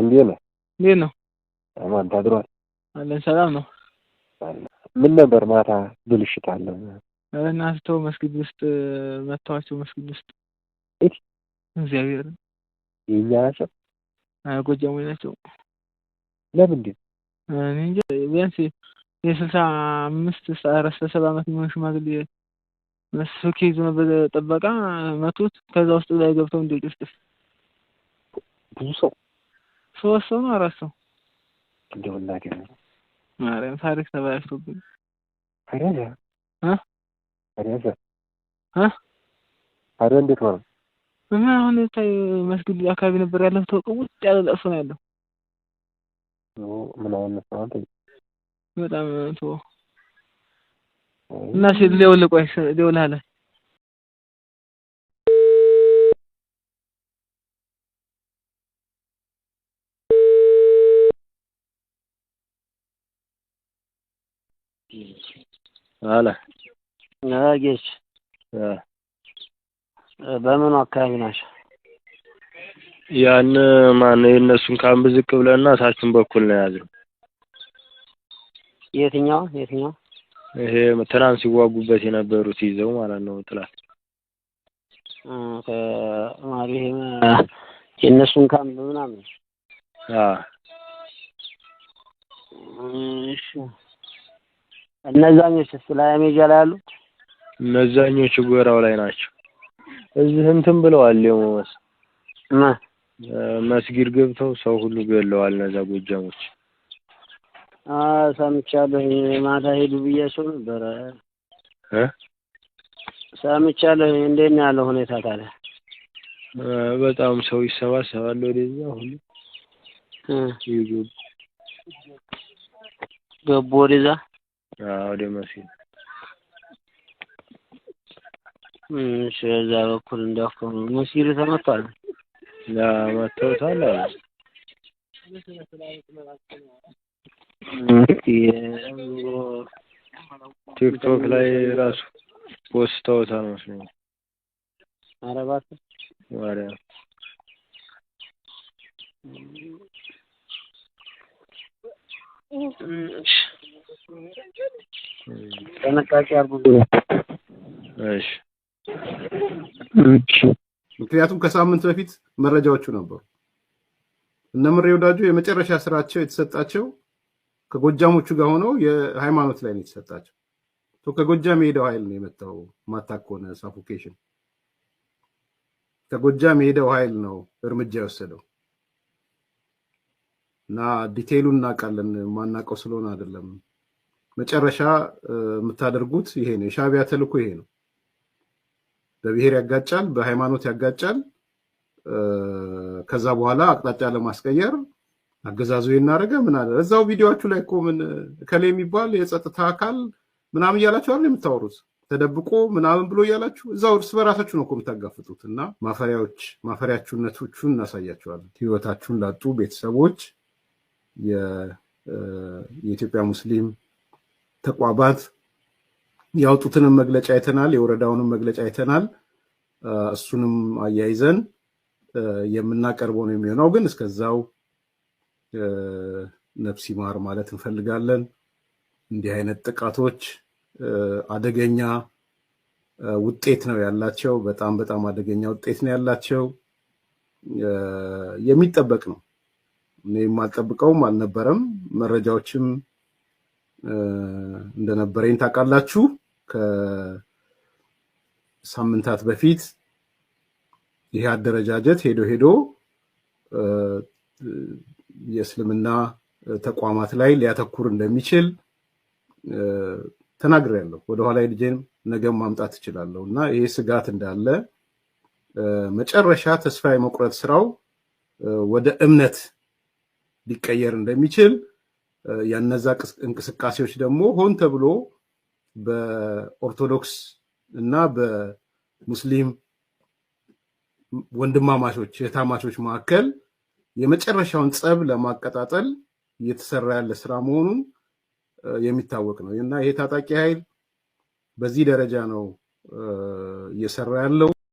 እንዴት ነህ? እንዴት ነው? አማን ታድሯል? አለን ሰላም ነው። ምን ነበር ማታ ብልሽት አለ? እናስተው መስጊድ ውስጥ መታዋቸው መስጊድ ውስጥ እት እግዚአብሔር የኛ ናቸው? ጎጃሙ ናቸው። ለምንድን እኔ እንጂ ቢያንስ የስልሳ አምስት አራት ሰባ ዓመት የሚሆን ሽማግሌ መስኪ ይዞ ነበር ጠበቃ መቱት። ከዛ ውስጥ ላይ ገብተው እንደ ጭፍጭፍ ብዙ ሰው ሶስት ሰው ነው አራት ሰው እንደው እናቴ ነው ማርያም ታሪክ ተበላሽቶብኝ ፈረደ እ ፈረደ እ ፈረደ እንዴት ማለት እና አሁን ታይ መስጊድ አካባቢ ነበር ያለው ተወቀው ውስጥ ያለ ለቅሶ ነው ያለው ምን አይነት ነው አንተ በጣም ተወው እና ሲል ሊወልቆ ሊወልሃለ አለ ጌች በምኑ አካባቢ ናቸው? ያን ማነው የእነሱን ካምብ ዝቅ ብለና ታችን በኩል ነው የያዝነው። የትኛው የትኛው? ይሄ ትናንት ሲዋጉበት የነበሩት ይዘው ማለት ነው። ጥላት ከማሪህ የእነሱን ካምብ ምናምን። እሺ እነዛኞች ላይ አሜጃ ላይ ያሉት እነዛኞቹ ጎራው ላይ ናቸው። እዚህ እንትን ብለዋል የሞመስ መስጊድ ገብተው ሰው ሁሉ ገለዋል። እነዛ ጎጃሞች ሰምቻለሁ። ማታ ሄዱ ብያቸው ነበረ ሰምቻለሁ። እንዴት ነው ያለው ሁኔታ ታዲያ? በጣም ሰው ይሰባሰባል ወደዛ ሁሉ ገቡ ወደዛ ወደ መሲ እሺ። በዛ በኩል እንዳፈኑ ሙሲር ተመቷል፣ ለመተውታል አለ ቲክቶክ ላይ ራሱ ወስተውታል መስሎኝ። ኧረ ማርያም እሺ ጥንቃቄ እሺ ምክንያቱም ከሳምንት በፊት መረጃዎቹ ነበሩ። እነምሬ ወዳጁ የመጨረሻ ስራቸው የተሰጣቸው ከጎጃሞቹ ጋር ሆነው የሃይማኖት ላይ ነው የተሰጣቸው። ከጎጃም የሄደው ኃይል ነው የመጣው። ማታኮነ ሳፎኬሽን ከጎጃም የሄደው ኃይል ነው እርምጃ የወሰደው እና ዲቴይሉን እናውቃለን። ማናውቀው ስለሆነ አይደለም። መጨረሻ የምታደርጉት ይሄ ነው። የሻዕቢያ ተልእኮ ይሄ ነው። በብሔር ያጋጫል፣ በሃይማኖት ያጋጫል። ከዛ በኋላ አቅጣጫ ለማስቀየር አገዛዙ እናደረገ ምን አለ። እዛው ቪዲዮችሁ ላይ እኮ ምን ከሌ የሚባል የጸጥታ አካል ምናምን እያላችሁ አለ የምታወሩት? ተደብቆ ምናምን ብሎ እያላችሁ እዛው እርስ በራሳችሁ ነው እኮ የምታጋፍጡት። እና ማፈሪያዎች ማፈሪያችሁነቶቹን እናሳያቸዋለን። ህይወታችሁን ላጡ ቤተሰቦች የኢትዮጵያ ሙስሊም ተቋማት ያወጡትንም መግለጫ አይተናል። የወረዳውንም መግለጫ አይተናል። እሱንም አያይዘን የምናቀርበው ነው የሚሆነው። ግን እስከዛው ነፍስ ይማር ማለት እንፈልጋለን። እንዲህ አይነት ጥቃቶች አደገኛ ውጤት ነው ያላቸው። በጣም በጣም አደገኛ ውጤት ነው ያላቸው። የሚጠበቅ ነው። እኔ አልጠብቀውም አልነበረም መረጃዎችም እንደነበረኝ ታውቃላችሁ። ከሳምንታት በፊት ይህ አደረጃጀት ሄዶ ሄዶ የእስልምና ተቋማት ላይ ሊያተኩር እንደሚችል ተናግሬያለሁ። ወደኋላ ልጄን ነገም ማምጣት እችላለሁ እና ይሄ ስጋት እንዳለ መጨረሻ ተስፋ የመቁረጥ ስራው ወደ እምነት ሊቀየር እንደሚችል ያነዛ እንቅስቃሴዎች ደግሞ ሆን ተብሎ በኦርቶዶክስ እና በሙስሊም ወንድማማቾች እህታማቾች መካከል የመጨረሻውን ጸብ ለማቀጣጠል እየተሰራ ያለ ስራ መሆኑን የሚታወቅ ነው እና ይሄ ታጣቂ ኃይል በዚህ ደረጃ ነው እየሰራ ያለው።